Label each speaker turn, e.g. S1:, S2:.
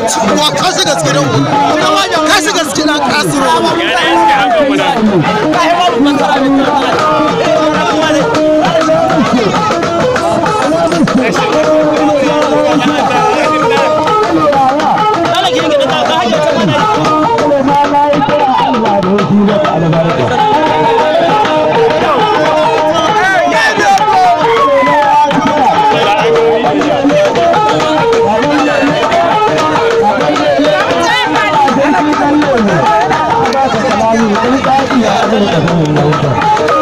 S1: ka su gaske don ku ka su gaske
S2: 我们嗯。